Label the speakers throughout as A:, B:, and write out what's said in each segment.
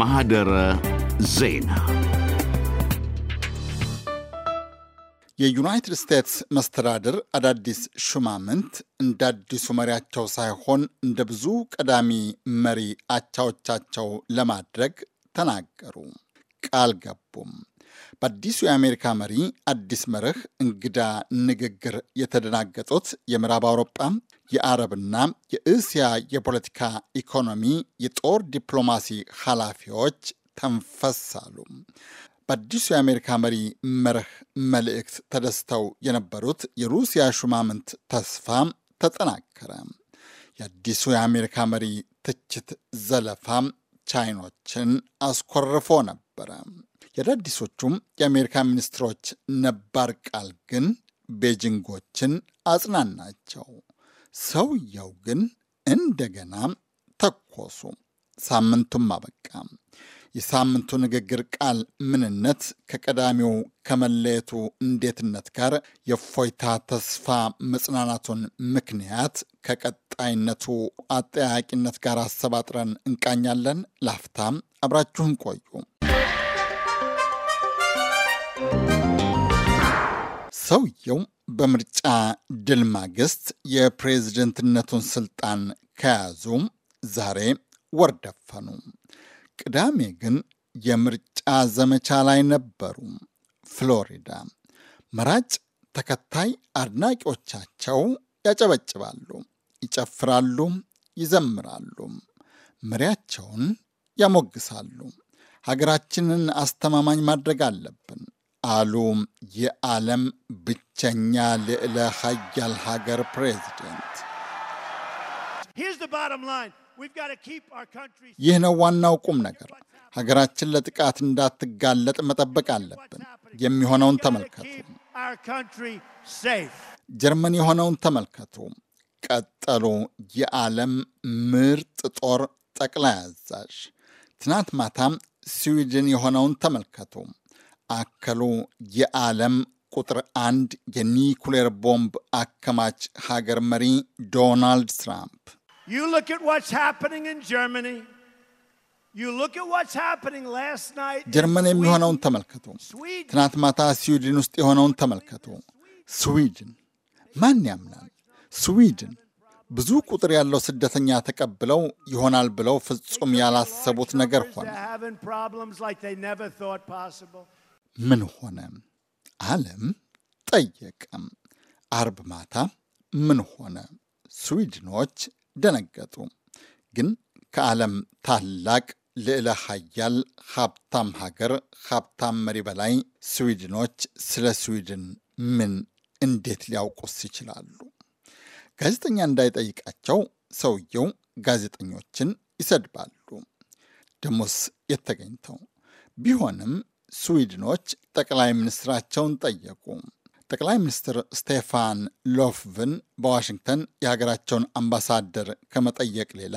A: ማህደረ ዜና የዩናይትድ ስቴትስ መስተዳድር አዳዲስ ሹማምንት እንደ አዲሱ መሪያቸው ሳይሆን እንደ ብዙ ቀዳሚ መሪ አቻዎቻቸው ለማድረግ ተናገሩ፣ ቃል ገቡም። በአዲሱ የአሜሪካ መሪ አዲስ መርህ እንግዳ ንግግር የተደናገጡት የምዕራብ አውሮጳ የአረብና የእስያ የፖለቲካ ኢኮኖሚ፣ የጦር ዲፕሎማሲ ኃላፊዎች ተንፈሳሉ። በአዲሱ የአሜሪካ መሪ መርህ መልእክት ተደስተው የነበሩት የሩሲያ ሹማምንት ተስፋ ተጠናከረ። የአዲሱ የአሜሪካ መሪ ትችት ዘለፋ ቻይኖችን አስኮርፎ ነበረ። የአዳዲሶቹም የአሜሪካ ሚኒስትሮች ነባር ቃል ግን ቤጂንጎችን አጽናናቸው። ሰውየው ግን እንደገና ተኮሱ። ሳምንቱም አበቃ። የሳምንቱ ንግግር ቃል ምንነት ከቀዳሚው ከመለየቱ እንዴትነት ጋር የእፎይታ ተስፋ መጽናናቱን ምክንያት ከቀጣይነቱ አጠያቂነት ጋር አሰባጥረን እንቃኛለን። ላፍታም አብራችሁን ቆዩ። ሰውየው በምርጫ ድል ማግስት የፕሬዝደንትነቱን ስልጣን ከያዙ ዛሬ ወር ደፈኑ። ቅዳሜ ግን የምርጫ ዘመቻ ላይ ነበሩ። ፍሎሪዳ መራጭ ተከታይ አድናቂዎቻቸው ያጨበጭባሉ፣ ይጨፍራሉ፣ ይዘምራሉ፣ መሪያቸውን ያሞግሳሉ። ሀገራችንን አስተማማኝ ማድረግ አለብን አሉ የዓለም ብቸኛ ልዕለ ሀያል ሀገር ፕሬዚደንት። ይህ ነው ዋናው ቁም ነገር። ሀገራችን ለጥቃት እንዳትጋለጥ መጠበቅ አለብን። የሚሆነውን ተመልከቱ። ጀርመን የሆነውን ተመልከቱ። ቀጠሉ የዓለም ምርጥ ጦር ጠቅላይ አዛዥ። ትናንት ማታም ስዊድን የሆነውን ተመልከቱ። አከሉ። የዓለም ቁጥር አንድ የኒኩሌር ቦምብ አከማች ሀገር መሪ ዶናልድ ትራምፕ
B: ጀርመን የሚሆነውን
A: ተመልከቱ። ትናንት ማታ ስዊድን ውስጥ የሆነውን ተመልከቱ። ስዊድን ማን ያምናል? ስዊድን ብዙ ቁጥር ያለው ስደተኛ ተቀብለው ይሆናል ብለው ፍጹም ያላሰቡት ነገር ሆነ። ምን ሆነ? ዓለም ጠየቀም። አርብ ማታ ምን ሆነ? ስዊድኖች ደነገጡ። ግን ከዓለም ታላቅ ልዕለ ሀያል ሀብታም ሀገር ሀብታም መሪ በላይ ስዊድኖች ስለ ስዊድን ምን እንዴት ሊያውቁስ ይችላሉ? ጋዜጠኛ እንዳይጠይቃቸው ሰውየው ጋዜጠኞችን ይሰድባሉ። ደሞስ የተገኝተው ቢሆንም ስዊድኖች ጠቅላይ ሚኒስትራቸውን ጠየቁ። ጠቅላይ ሚኒስትር ስቴፋን ሎፍቭን በዋሽንግተን የሀገራቸውን አምባሳደር ከመጠየቅ ሌላ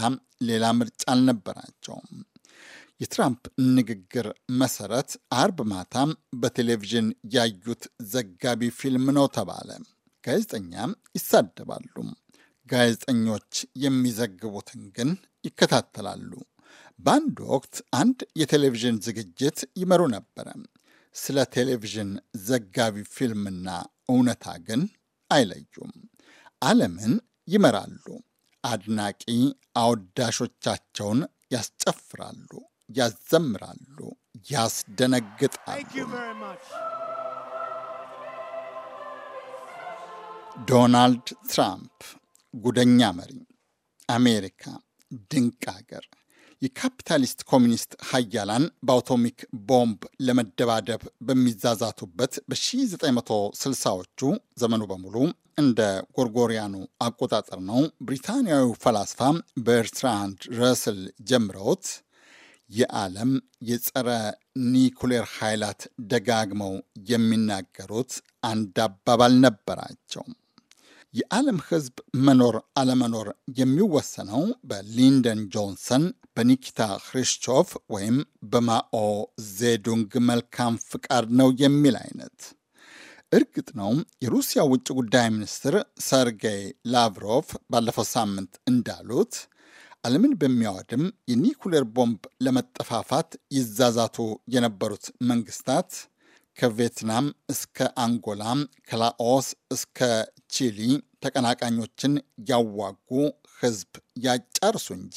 A: ሌላ ምርጫ አልነበራቸውም። የትራምፕ ንግግር መሰረት አርብ ማታም በቴሌቪዥን ያዩት ዘጋቢ ፊልም ነው ተባለ። ጋዜጠኛም ይሳደባሉ፣ ጋዜጠኞች የሚዘግቡትን ግን ይከታተላሉ በአንድ ወቅት አንድ የቴሌቪዥን ዝግጅት ይመሩ ነበረ። ስለ ቴሌቪዥን ዘጋቢ ፊልምና እውነታ ግን አይለዩም። ዓለምን ይመራሉ። አድናቂ አወዳሾቻቸውን ያስጨፍራሉ፣ ያዘምራሉ፣ ያስደነግጣሉ። ዶናልድ ትራምፕ ጉደኛ መሪ፣ አሜሪካ ድንቅ አገር የካፒታሊስት ኮሚኒስት ሀያላን በአውቶሚክ ቦምብ ለመደባደብ በሚዛዛቱበት በ1960ዎቹ ዘመኑ በሙሉ እንደ ጎርጎሪያኑ አቆጣጠር ነው። ብሪታንያዊ ፈላስፋ በርትራንድ ረስል ጀምረውት የዓለም የጸረ ኒኩሌር ኃይላት ደጋግመው የሚናገሩት አንድ አባባል ነበራቸው። የዓለም ሕዝብ መኖር አለመኖር የሚወሰነው በሊንደን ጆንሰን፣ በኒኪታ ክሪስቾፍ ወይም በማኦ ዜዱንግ መልካም ፍቃድ ነው የሚል አይነት። እርግጥ ነው የሩሲያ ውጭ ጉዳይ ሚኒስትር ሰርጌይ ላቭሮቭ ባለፈው ሳምንት እንዳሉት ዓለምን በሚያወድም የኒኩሌር ቦምብ ለመጠፋፋት ይዛዛቱ የነበሩት መንግስታት ከቪየትናም እስከ አንጎላ ከላኦስ እስከ ቺሊ ተቀናቃኞችን ያዋጉ ህዝብ ያጫርሱ እንጂ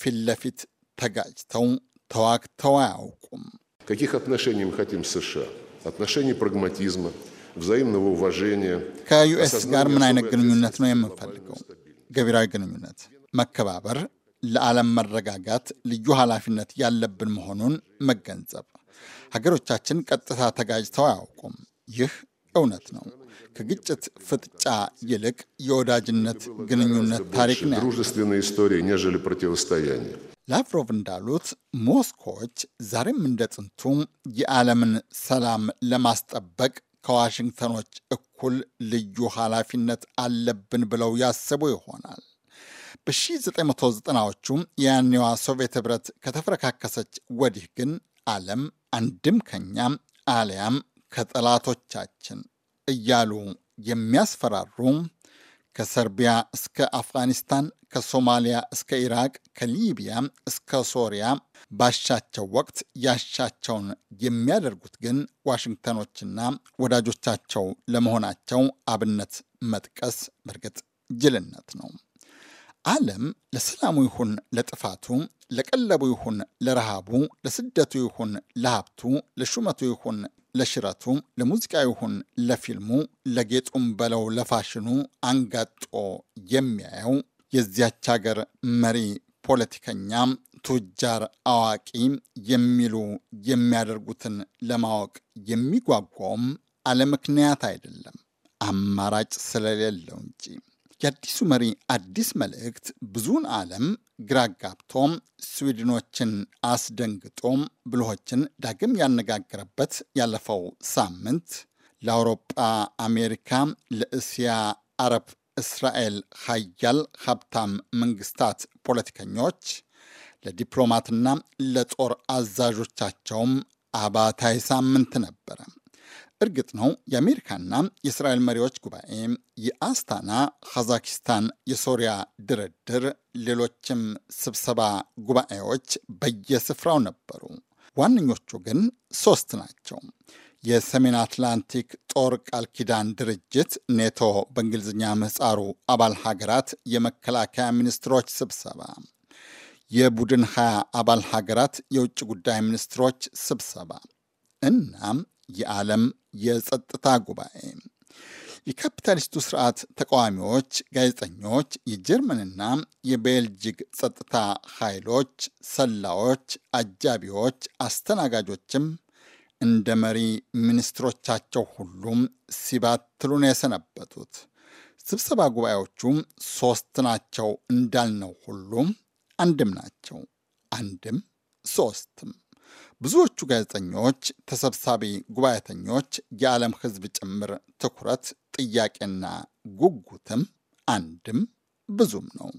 A: ፊት ለፊት ተጋጭተው ተዋግተው አያውቁም። каких отношений мы хотим с США? Отношений прагматизма, взаимного уважения. ከዩኤስ ጋር ምን አይነት ግንኙነት ነው የምንፈልገው? ገቢራዊ ግንኙነት፣ መከባበር፣ ለዓለም መረጋጋት ልዩ ኃላፊነት ያለብን መሆኑን መገንዘብ ሀገሮቻችን ቀጥታ ተጋጅተው አያውቁም። ይህ እውነት ነው። ከግጭት ፍጥጫ ይልቅ የወዳጅነት ግንኙነት ታሪክ ነው። ላቭሮቭ እንዳሉት ሞስኮዎች ዛሬም እንደ ጥንቱ የዓለምን ሰላም ለማስጠበቅ ከዋሽንግተኖች እኩል ልዩ ኃላፊነት አለብን ብለው ያስቡ ይሆናል። በ1990ዎቹ የያኔዋ ሶቪየት ኅብረት ከተፈረካከሰች ወዲህ ግን ዓለም አንድም ከኛ አሊያም ከጠላቶቻችን እያሉ የሚያስፈራሩ ከሰርቢያ እስከ አፍጋኒስታን፣ ከሶማሊያ እስከ ኢራቅ፣ ከሊቢያ እስከ ሶሪያ ባሻቸው ወቅት ያሻቸውን የሚያደርጉት ግን ዋሽንግተኖችና ወዳጆቻቸው ለመሆናቸው አብነት መጥቀስ በእርግጥ ጅልነት ነው። ዓለም ለሰላሙ ይሁን ለጥፋቱ ለቀለቡ ይሁን ለረሃቡ፣ ለስደቱ ይሁን ለሀብቱ፣ ለሹመቱ ይሁን ለሽረቱ፣ ለሙዚቃ ይሁን ለፊልሙ፣ ለጌጡም በለው ለፋሽኑ አንጋጦ የሚያየው የዚያች ሀገር መሪ ፖለቲከኛ፣ ቱጃር፣ አዋቂ የሚሉ የሚያደርጉትን ለማወቅ የሚጓጓውም አለምክንያት አይደለም፣ አማራጭ ስለሌለው እንጂ። የአዲሱ መሪ አዲስ መልእክት ብዙውን ዓለም ግራ ጋብቶም ስዊድኖችን አስደንግጦም ብልሆችን ዳግም ያነጋገረበት ያለፈው ሳምንት ለአውሮጳ፣ አሜሪካ፣ ለእስያ፣ አረብ፣ እስራኤል ሀያል ሀብታም መንግስታት ፖለቲከኞች ለዲፕሎማትና ለጦር አዛዦቻቸውም አባታይ ሳምንት ነበረ። እርግጥ ነው የአሜሪካና የእስራኤል መሪዎች ጉባኤ፣ የአስታና ካዛኪስታን የሶሪያ ድርድር፣ ሌሎችም ስብሰባ ጉባኤዎች በየስፍራው ነበሩ። ዋነኞቹ ግን ሶስት ናቸው። የሰሜን አትላንቲክ ጦር ቃል ኪዳን ድርጅት ኔቶ በእንግሊዝኛ ምህፃሩ አባል ሀገራት የመከላከያ ሚኒስትሮች ስብሰባ፣ የቡድን ሀያ አባል ሀገራት የውጭ ጉዳይ ሚኒስትሮች ስብሰባ እናም የዓለም የጸጥታ ጉባኤ። የካፒታሊስቱ ስርዓት ተቃዋሚዎች፣ ጋዜጠኞች፣ የጀርመንና የቤልጅግ ጸጥታ ኃይሎች፣ ሰላዎች፣ አጃቢዎች፣ አስተናጋጆችም እንደ መሪ ሚኒስትሮቻቸው ሁሉም ሲባትሉ ነው የሰነበቱት። ስብሰባ ጉባኤዎቹም ሶስት ናቸው እንዳልነው ሁሉም አንድም ናቸው። አንድም ሶስትም ብዙዎቹ ጋዜጠኞች፣ ተሰብሳቢ ጉባኤተኞች፣ የዓለም ሕዝብ ጭምር ትኩረት ጥያቄና ጉጉትም አንድም ብዙም ነው።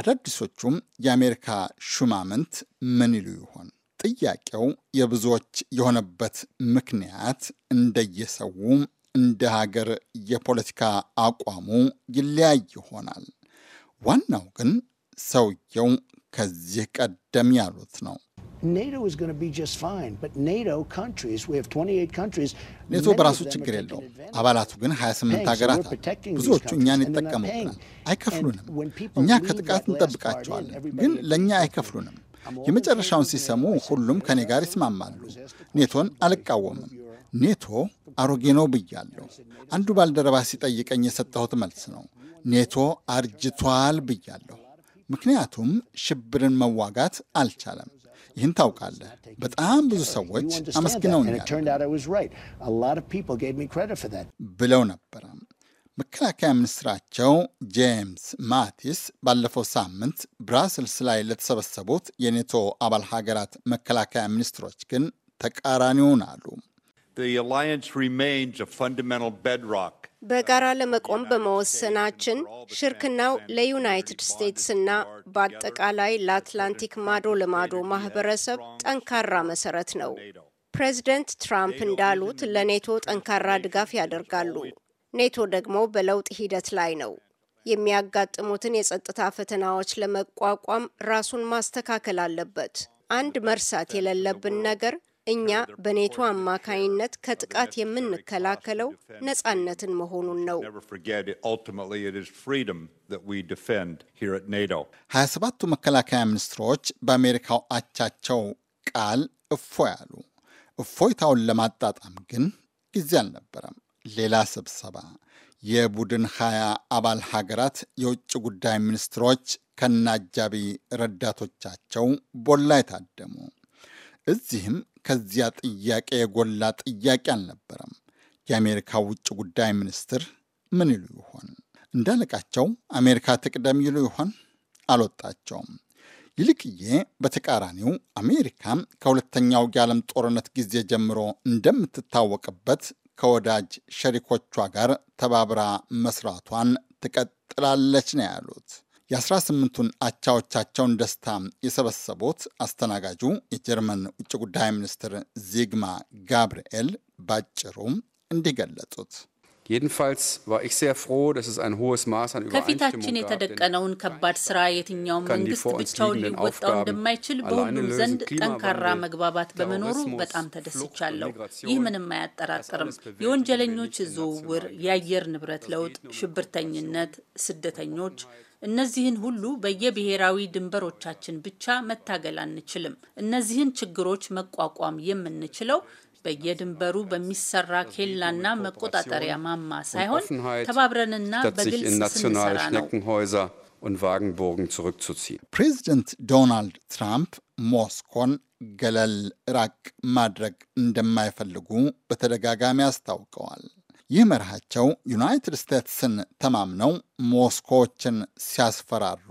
A: አዳዲሶቹም የአሜሪካ ሹማምንት ምን ይሉ ይሆን? ጥያቄው የብዙዎች የሆነበት ምክንያት እንደየሰው እንደ ሀገር የፖለቲካ አቋሙ ይለያይ ይሆናል። ዋናው ግን ሰውየው ከዚህ ቀደም ያሉት ነው።
B: NATO is going to be just fine, but NATO countries, we have 28 countries. ኔቶ በራሱ ችግር የለውም።
A: አባላቱ ግን 28 ሀገራት አሉ። ብዙዎቹ እኛን ይጠቀሙብናል፣ አይከፍሉንም።
B: እኛ ከጥቃት
A: እንጠብቃቸዋለን፣ ግን ለእኛ አይከፍሉንም። የመጨረሻውን ሲሰሙ ሁሉም ከእኔ ጋር ይስማማሉ። ኔቶን አልቃወምም። ኔቶ አሮጌ ነው ብያለሁ። አንዱ ባልደረባ ሲጠይቀኝ የሰጠሁት መልስ ነው። ኔቶ አርጅቷል ብያለሁ። ምክንያቱም ሽብርን መዋጋት አልቻለም። ይህን ታውቃለህ። በጣም ብዙ ሰዎች አመስግነውኛል ብለው ነበረ። መከላከያ ሚኒስትራቸው ጄምስ ማቲስ ባለፈው ሳምንት ብራስልስ ላይ ለተሰበሰቡት የኔቶ አባል ሀገራት መከላከያ ሚኒስትሮች ግን ተቃራኒውን አሉ። The alliance remains
B: a fundamental bedrock በጋራ ለመቆም በመወሰናችን ሽርክናው ለዩናይትድ ስቴትስ እና በአጠቃላይ ለአትላንቲክ ማዶ ለማዶ ማህበረሰብ ጠንካራ መሰረት ነው። ፕሬዚደንት ትራምፕ እንዳሉት ለኔቶ ጠንካራ ድጋፍ ያደርጋሉ። ኔቶ ደግሞ በለውጥ ሂደት ላይ ነው። የሚያጋጥሙትን የጸጥታ ፈተናዎች ለመቋቋም ራሱን ማስተካከል አለበት። አንድ መርሳት የሌለብን ነገር እኛ በኔቶ አማካይነት ከጥቃት የምንከላከለው ነጻነትን መሆኑን ነው።
A: 27ቱ መከላከያ ሚኒስትሮች በአሜሪካው አቻቸው ቃል እፎ ያሉ እፎይታውን ለማጣጣም ግን ጊዜ አልነበረም። ሌላ ስብሰባ፣ የቡድን ሀያ አባል ሀገራት የውጭ ጉዳይ ሚኒስትሮች ከነ አጃቢ ረዳቶቻቸው ቦላ የታደሙ እዚህም ከዚያ ጥያቄ የጎላ ጥያቄ አልነበረም። የአሜሪካ ውጭ ጉዳይ ሚኒስትር ምን ይሉ ይሆን? እንዳለቃቸው አሜሪካ ትቅደም ይሉ ይሆን? አልወጣቸውም። ይልቅዬ በተቃራኒው አሜሪካ ከሁለተኛው የዓለም ጦርነት ጊዜ ጀምሮ እንደምትታወቅበት ከወዳጅ ሸሪኮቿ ጋር ተባብራ መስራቷን ትቀጥላለች ነው ያሉት። የ18ቱን አቻዎቻቸውን ደስታ የሰበሰቡት አስተናጋጁ የጀርመን ውጭ ጉዳይ ሚኒስትር ዚግማ ጋብርኤል ባጭሩ እንዲህ ገለጹት። ከፊታችን የተደቀነውን
B: ከባድ ስራ የትኛውም መንግስት ብቻውን ሊወጣው እንደማይችል በሁሉም ዘንድ ጠንካራ መግባባት በመኖሩ በጣም ተደስቻለሁ። ይህ ምንም አያጠራጥርም። የወንጀለኞች ዝውውር፣ የአየር ንብረት ለውጥ፣ um ሽብርተኝነት፣ ስደተኞች እነዚህን ሁሉ በየብሔራዊ ድንበሮቻችን ብቻ መታገል አንችልም። እነዚህን ችግሮች መቋቋም የምንችለው በየድንበሩ በሚሰራ ኬላና መቆጣጠሪያ ማማ ሳይሆን ተባብረንና በግልጽ ስንሰራ ነው።
A: ፕሬዚደንት ዶናልድ ትራምፕ ሞስኮን ገለል ራቅ ማድረግ እንደማይፈልጉ በተደጋጋሚ አስታውቀዋል። ይህ መርሃቸው ዩናይትድ ስቴትስን ተማምነው ሞስኮዎችን ሲያስፈራሩ፣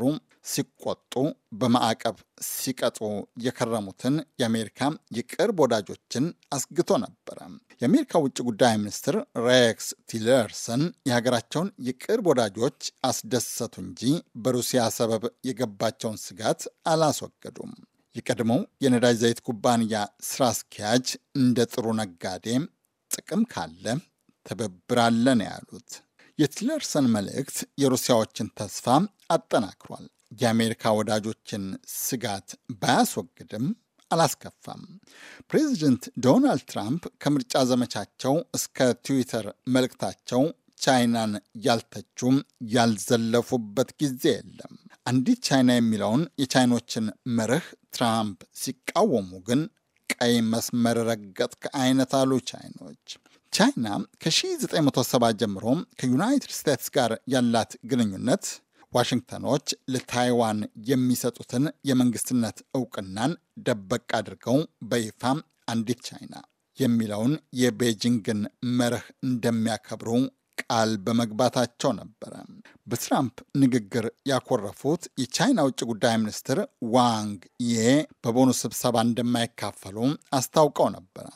A: ሲቆጡ፣ በማዕቀብ ሲቀጡ የከረሙትን የአሜሪካ የቅርብ ወዳጆችን አስግቶ ነበረ። የአሜሪካ ውጭ ጉዳይ ሚኒስትር ሬክስ ቲለርሰን የሀገራቸውን የቅርብ ወዳጆች አስደሰቱ እንጂ በሩሲያ ሰበብ የገባቸውን ስጋት አላስወገዱም። የቀድሞው የነዳጅ ዘይት ኩባንያ ስራ አስኪያጅ እንደ ጥሩ ነጋዴ ጥቅም ካለ ትብብራለን ያሉት የቲለርሰን መልእክት የሩሲያዎችን ተስፋ አጠናክሯል። የአሜሪካ ወዳጆችን ስጋት ባያስወግድም አላስከፋም። ፕሬዚደንት ዶናልድ ትራምፕ ከምርጫ ዘመቻቸው እስከ ትዊተር መልእክታቸው ቻይናን ያልተቹም ያልዘለፉበት ጊዜ የለም። አንዲት ቻይና የሚለውን የቻይኖችን መርህ ትራምፕ ሲቃወሙ ግን ቀይ መስመር ረገጥክ አይነት አሉ ቻይኖች። ቻይና ከ1970 ጀምሮ ከዩናይትድ ስቴትስ ጋር ያላት ግንኙነት ዋሽንግተኖች ለታይዋን የሚሰጡትን የመንግስትነት እውቅናን ደበቅ አድርገው በይፋ አንዲት ቻይና የሚለውን የቤጂንግን መርህ እንደሚያከብሩ ቃል በመግባታቸው ነበረ። በትራምፕ ንግግር ያኮረፉት የቻይና ውጭ ጉዳይ ሚኒስትር ዋንግ ዬ በቦኑ ስብሰባ እንደማይካፈሉ አስታውቀው ነበረ።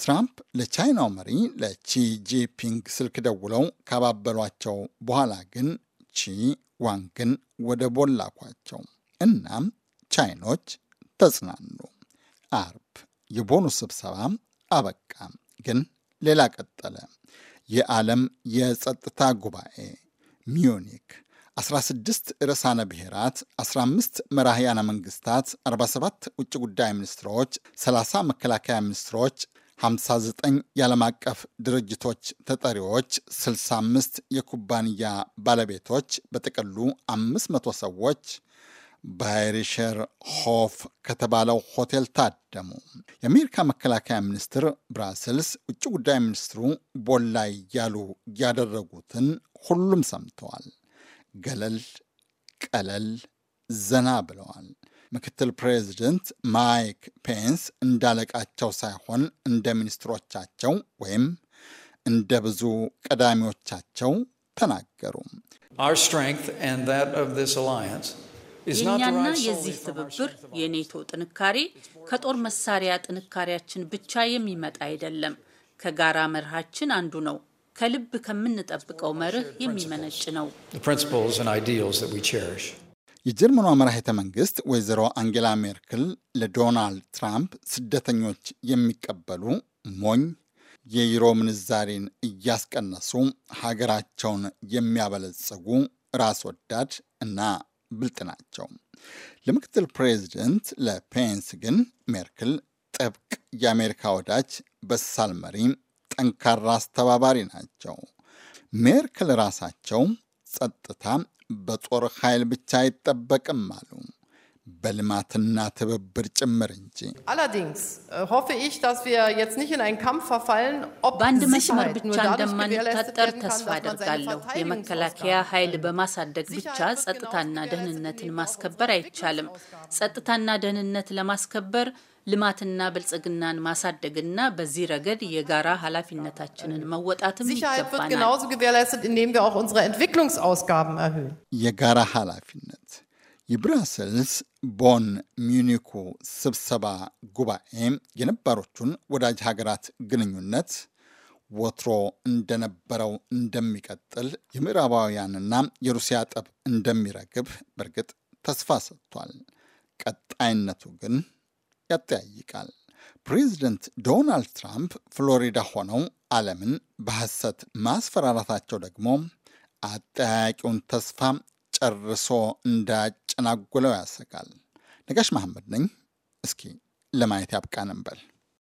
A: ትራምፕ ለቻይናው መሪ ለቺ ጂፒንግ ስልክ ደውለው ካባበሏቸው በኋላ ግን ቺ ዋንግን ወደ ቦን ላኳቸው። እናም ቻይኖች ተጽናኑ። አርብ የቦኑ ስብሰባ አበቃ። ግን ሌላ ቀጠለ። የዓለም የጸጥታ ጉባኤ ሚዩኒክ 16 ርዕሳነ ብሔራት፣ 15 መራህያነ መንግስታት፣ 47 ውጭ ጉዳይ ሚኒስትሮች፣ 30 መከላከያ ሚኒስትሮች 59 የዓለም አቀፍ ድርጅቶች ተጠሪዎች፣ 65 የኩባንያ ባለቤቶች፣ በጥቅሉ 500 ሰዎች ባይሪሸር ሆፍ ከተባለው ሆቴል ታደሙ። የአሜሪካ መከላከያ ሚኒስትር ብራስልስ ውጭ ጉዳይ ሚኒስትሩ ቦላይ እያሉ ያደረጉትን ሁሉም ሰምተዋል። ገለል ቀለል ዘና ብለዋል። ምክትል ፕሬዚደንት ማይክ ፔንስ እንዳለቃቸው ሳይሆን እንደ ሚኒስትሮቻቸው ወይም እንደ ብዙ ቀዳሚዎቻቸው ተናገሩ። የእኛና የዚህ
B: ትብብር የኔቶ ጥንካሬ ከጦር መሳሪያ ጥንካሬያችን ብቻ የሚመጣ አይደለም። ከጋራ መርሃችን አንዱ ነው። ከልብ ከምንጠብቀው መርህ የሚመነጭ ነው።
A: የጀርመኗ መራሄተ መንግስት ወይዘሮ አንጌላ ሜርክል ለዶናልድ ትራምፕ ስደተኞች የሚቀበሉ ሞኝ፣ የዩሮ ምንዛሬን እያስቀነሱ ሀገራቸውን የሚያበለጽጉ ራስ ወዳድ እና ብልጥ ናቸው። ለምክትል ፕሬዚደንት ለፔንስ ግን ሜርክል ጥብቅ የአሜሪካ ወዳጅ፣ በሳል መሪ፣ ጠንካራ አስተባባሪ ናቸው። ሜርክል ራሳቸው ጸጥታ በጦር ኃይል ብቻ አይጠበቅም አሉ በልማትና ትብብር ጭምር እንጂ።
B: äh, በአንድ መስመር ብቻ እንደማንታጠር ተስፋ አደርጋለሁ። የመከላከያ ኃይል በማሳደግ ብቻ ጸጥታና ደህንነትን ማስከበር አይቻልም። ጸጥታና ደህንነት ለማስከበር ልማትና ብልጽግናን ማሳደግና በዚህ ረገድ የጋራ ኃላፊነታችንን መወጣትም ይገባናል።
A: የጋራ ኃላፊነት የብራሰልስ ቦን፣ ሚኒኩ ስብሰባ ጉባኤ የነባሮቹን ወዳጅ ሀገራት ግንኙነት ወትሮ እንደነበረው እንደሚቀጥል የምዕራባውያንና የሩሲያ ጠብ እንደሚረግብ በእርግጥ ተስፋ ሰጥቷል። ቀጣይነቱ ግን ያጠያይቃል። ፕሬዚደንት ዶናልድ ትራምፕ ፍሎሪዳ ሆነው ዓለምን በሐሰት ማስፈራራታቸው ደግሞ አጠያቂውን ተስፋ ጨርሶ እንዳጨናጉለው ያሰጋል። ነጋሽ መሐመድ ነኝ። እስኪ ለማየት ያብቃ እንበል።